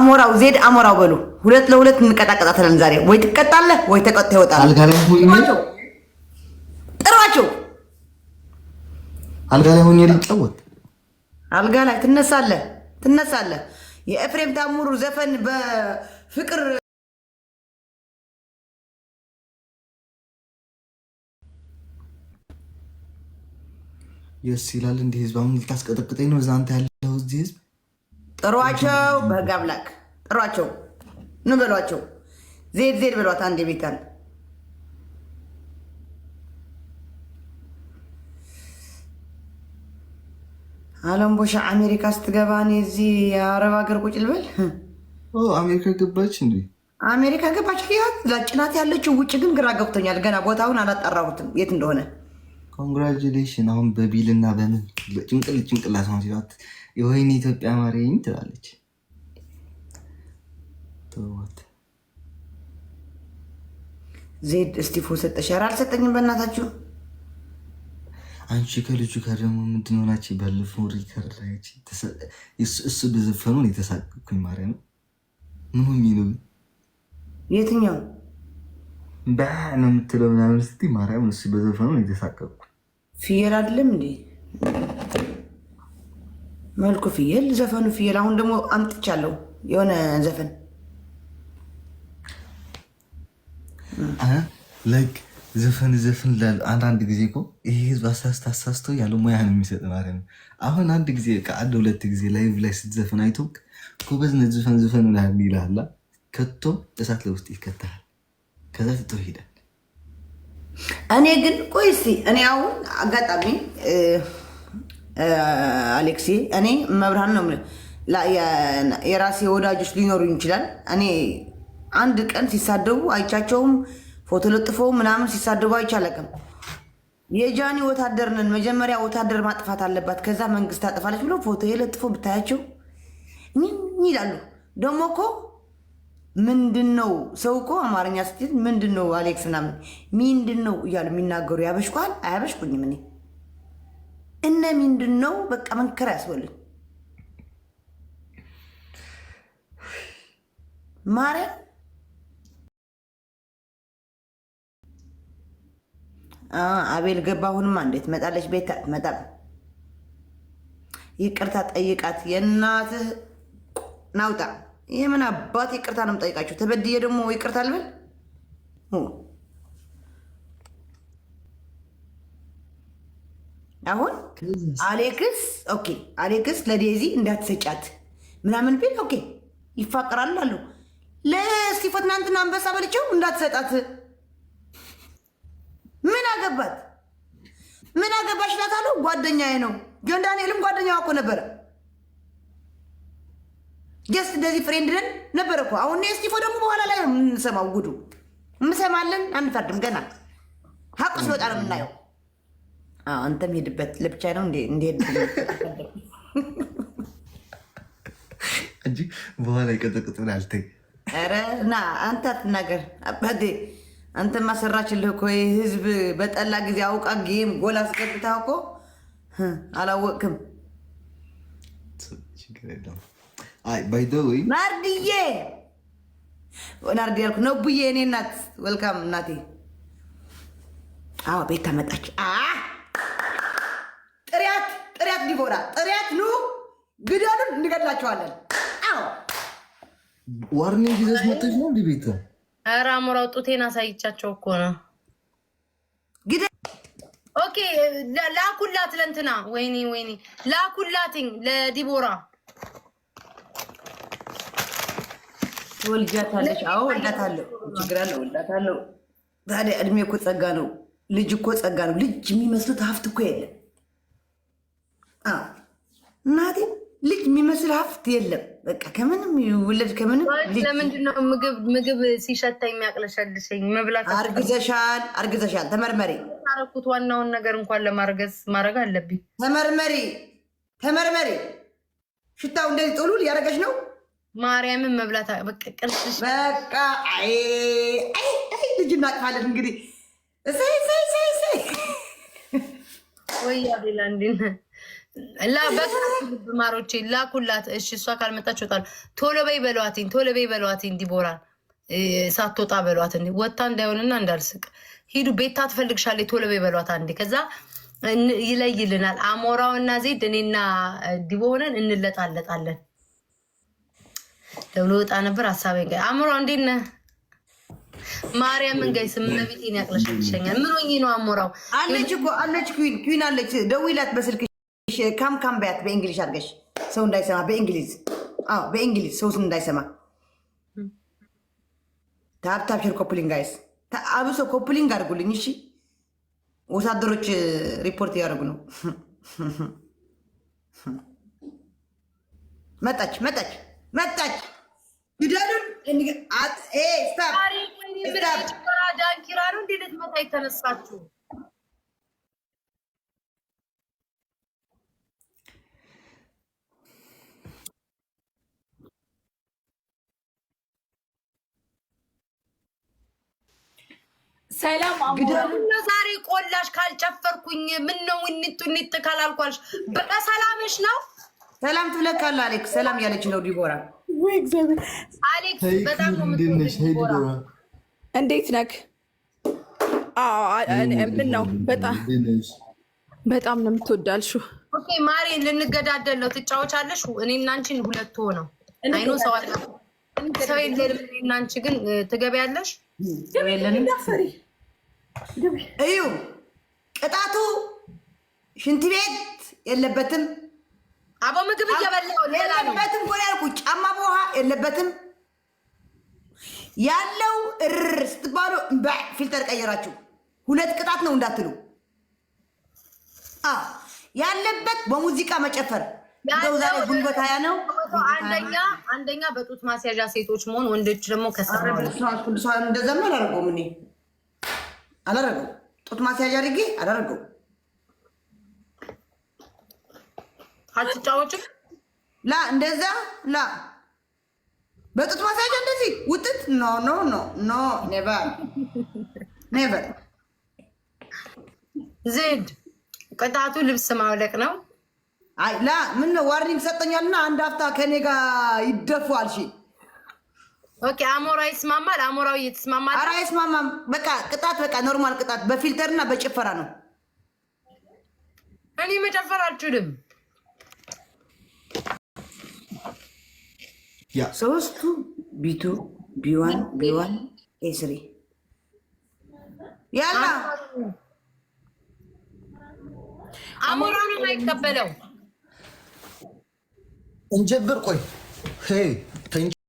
አሞራው ዜድ አሞራው በሉ ሁለት ለሁለት እንቀጣቀጣለን ዛሬ። ወይ ትቀጣለህ ወይ ተቀጥቶ ይወጣል። ጥሯቸው። አልጋ ላይ ሆኜ ልጫወት። አልጋ ላይ ትነሳለህ፣ ትነሳለህ። የኤፍሬም ታምሩ ዘፈን በፍቅር የስ ይላል። እንዲህ ህዝብ አሁን ልታስቀጠቅጠኝ ነው። እዛ አንተ ያለው እዚህ ህዝብ ጥሯቸው፣ በህግ አምላክ ጥሯቸው። ምን በሏቸው? ዜድ ዜድ ብሏት አንድ ቤታል አለምቦሻ አሜሪካ ስትገባ እኔ እዚህ የአረብ ሀገር ቁጭ ልበል። አሜሪካ ገባች እንዲ አሜሪካ ገባች። ጭናት ያለችው ውጭ ግን ግራ ገብቶኛል። ገና ቦታውን አላጣራሁትም የት እንደሆነ። ኮንግራጁሌሽን። አሁን በቢልና በምን ጭንቅል ሰሆን ሲሏት የወይኔ ኢትዮጵያ ማርያም ትላለች። ዜድ እስቲፎ ሰጠሽ? ኧረ አልሰጠኝም በእናታችሁ። አንቺ ከልጁ ጋር ደግሞ ምንድን ሆናችሁ? ባለፈው ሪከርድ ላይ እሱ በዘፈኑ የተሳቅኩኝ ማርያም ነው። ምን ሆኜ ነው? የትኛው በ ነው የምትለው ምናምን ስትይ ማርያም፣ እሱ በዘፈኑ የተሳቀቅኩ ፍየል አይደለም እንዴ? መልኩ ፍየል ዘፈኑ ፍየል። አሁን ደግሞ አምጥቻለሁ የሆነ ዘፈን ላይክ ዘፈን ዘፈን ላሉ አንዳንድ ጊዜ እኮ ይሄ ህዝብ አሳስቶ አሳስቶ ያለ ሙያ ነው የሚሰጥ ማለት ነው። አሁን አንድ ጊዜ ከአንድ ሁለት ጊዜ ላይቭ ላይ ስትዘፈን አይቶ ጎበዝ ነህ ዘፈን ዘፈን ምናምን ይልሃል። ከቶ እሳት ለውስጥ ይከተሃል። ከዛ ትቶ ይሄዳል። እኔ ግን ቆይ እስኪ እኔ አሁን አጋጣሚ አሌክሴ እኔ መብርሃን ነው የራሴ ወዳጆች ሊኖሩ ይችላል። እኔ አንድ ቀን ሲሳደቡ አይቻቸውም። ፎቶ ለጥፈው ምናምን ሲሳደቡ አይቻለቅም። የጃኒ ወታደር ነን፣ መጀመሪያ ወታደር ማጥፋት አለባት፣ ከዛ መንግስት ታጥፋለች ብሎ ፎቶ የለጥፎ ብታያቸው ይላሉ። ደግሞ እኮ ምንድን ነው ሰው እኮ አማርኛ ስትል ምንድን ነው አሌክስ ምናምን ምንድን ነው እያሉ የሚናገሩ ያበሽኳል። አያበሽኩኝም እኔ እነ ምንድን ነው በቃ መንከር ያስበልን ማርያም አቤል ገባ። አሁንማ እንዴት መጣለች? ቤት መጣ። ይቅርታ ጠይቃት። የእናትህ ናውጣ። የምን አባት ይቅርታ ነው የምጠይቃችሁ? ተበድዬ ደግሞ ይቅርታ ልበል? አሁን አሌክስ ኦኬ፣ አሌክስ ለዴዚ እንዳትሰጫት ምናምን ቢል ኦኬ፣ ይፋቀራል አሉ። ለስቲፎ ትናንትና አንበሳ በልቼው እንዳትሰጣት ምን አገባት? ምን አገባሽ እላታለሁ። ጓደኛዬ ነው። ጆን ዳንኤልም ጓደኛዋ እኮ ነበረ። ጀስት እንደዚህ ፍሬንድ ነን ነበረ እኮ። አሁን የስቲፎ ደግሞ በኋላ ላይ ነው የምንሰማው ጉዱ። እንሰማለን፣ አንፈርድም። ገና ሀቁስ ነው የምናየው አንተም ሄድበት ለብቻ ነው እንሄድ እንጂ በኋላ ይቀጠቅጡናል። ተይ ኧረ ና አንተ አትናገር አባቴ። አንተ ማሰራችልህ እኮ ህዝብ በጠላ ጊዜ አውቃ ጌም ጎል አስገብታ እኮ አላወቅም። ናርድዬ ናርድ ያልኩ ነው ብዬ እኔ እናት ወልካም እናቴ። አዎ ቤት ታመጣች ጥሪያት ጥሪያት ዲቦራ ጥሪያት ኑ ግደሉን፣ እንገድላቸዋለን። አዎ ዋርኒንግ ይዘሽ መጥተሽ ነው እንዲህ ቤት ኧረ አሞራው ጡቴን አሳይቻቸው እኮ ነው። ግደ ኦኬ፣ ላኩላት ለእንትና ወይኔ ወይኔ፣ ላኩላትኝ ለዲቦራ ወልጃታለች። አዎ ወልዳታለሁ፣ ችግር አለ ወልዳታለሁ። ታዲያ እድሜ እኮ ጸጋ ነው። ልጅ እኮ ጸጋ ነው። ልጅ የሚመስሉት ሀብት እኮ የለም እናቴ ልጅ የሚመስል ሀፍት የለም። በቃ ከምንም ይውለድ ከምንም። ለምንድን ነው ምግብ ምግብ ሲሸታኝ የሚያቅለሸልሸኝ? መብላት አርግዘሻል፣ አርግዘሻል፣ ተመርመሪ። አረኩት ዋናውን ነገር እንኳን ለማርገዝ ማድረግ አለብኝ። ተመርመሪ፣ ተመርመሪ። ሽታው እንደዚህ ጥሉ ሊያደረገች ነው። ማርያምን መብላት ቅርስ በቃ ልጅ እናቅፋለን እንግዲህ እሰይ እሰይ እሰይ ወይ አቤላ እንዴት ነህ? ማሮቼ ላኩላት። እሺ እሷ ካልመጣች እወጣለሁ። ቶሎ በይ በሏትኝ፣ ቶሎ በይ በሏትኝ። ዲቦራን ሳትወጣ በሏት እንዲ ወታ እንዳይሆንና እንዳልስቅ ሂዱ። ቤታ ትፈልግሻለች፣ ቶሎ በይ በሏት አንዴ። ከዛ ይለይልናል። አሞራውና ዜድ እኔና ዲቦ ሆነን እንለጣለጣለን። ደብሎ ወጣ ነበር ሀሳቤ። አሞራው እንዴት ነህ? ማርያምን ጋይ ስመቤቴን ያቅለሸልሸኛል። ምን ሆኜ ነው አሞራው? አለች እኮ አለች፣ ኩን አለች። ደውይላት በስልክ ካም ካም በያት በእንግሊሽ አድርገሽ ሰው እንዳይሰማ በእንግሊዝ አዎ፣ በእንግሊዝ ሰው እንዳይሰማ ታብታብ ሼር ኮፕሊንግ ጋይስ፣ አብሶ ኮፕሊንግ አድርጉልኝ። እሺ ወታደሮች ሪፖርት እያደረጉ ነው። መጣች መጣች መጣች። ግደሉን ዳንኪራ ነው እንዴት መታ የተነሳችሁ ሰላም አሞራሉ ዛሬ ቆላሽ ካልጨፈርኩኝ ምን ነው እንጡ እንጥ ካላልኳልሽ በሰላምሽ ነው። ሰላም ትብለካለ አሌክስ ሰላም ያለች ነው ዲቦራ። ወይ እግዚአብሔር አሌክስ ነው ምትነሽ። እንዴት ነክ? ምን ነው በጣም ነው የምትወዳልሹ። ማሬ ልንገዳደል ነው ትጫወቻለሽ። እኔ እና አንቺን ሁለት ሆነው አይኖ ሰው አለ ሰው የለም። እኔ እና ግን ትገቢያለሽ። ገበያለሽ እዩ ቅጣቱ ሽንት ቤት የለበትም። አቦ ምግብ እየበላሁ የለበትም እኮ ነው ያልኩት። ጫማ በውሃ የለበትም። ያለው እርር ስትባሉ እንበ ፊልተር ቀየራችሁ። ሁለት ቅጣት ነው እንዳትሉ። ያለበት በሙዚቃ መጨፈር እንደው ዛሬ ጉልበት ሀያ ነው። አንደኛ አንደኛ በጡት ማስያዣ ሴቶች መሆን ወንዶች ደግሞ ከሰራ እንደዛ አላደረገውም እኔ አላረገው። ጡት ማስያዥ አድርጌ አላረገው። አትጫወጭም ላ እንደዛ ላ በጡት ማስያዣ እንደዚህ ውጥት ኖ ኖ ኖ ኖ ኔቨር ኔቨር። ዜድ ቅጣቱ ልብስ ማውለቅ ነው። አይ ላ ምን ዋርኒንግ ሰጠኛልና አንድ ሀፍታ ከኔ ጋር ይደፉ አልሽ ኦኬ አሞራ ይስማማል። አሞራው ይስማማል። ኧረ አይስማማም። በቃ ቅጣት፣ በቃ ኖርማል ቅጣት በፊልተርና በጭፈራ ነው። እኔ መጨፈር አልችልም። ያ ሶስቱ ቢቱ ቢዋን ቢዋን ኤስሪ ያላ አሞራው አይቀበለው እንጀብር ቆይ